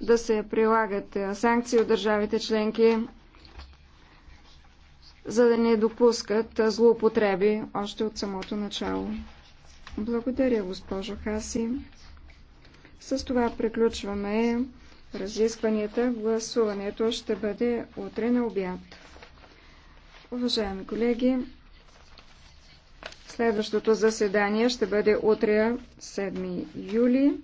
да се прилагат санкции от държавите членки, за да не допускат злоупотреби още от самото начало. Благодаря, госпожо Хаси. С това приключваме разискванията. Гласуването ще бъде утре на обяд. Уважаеми колеги, следващото заседание ще бъде утре 7 юли.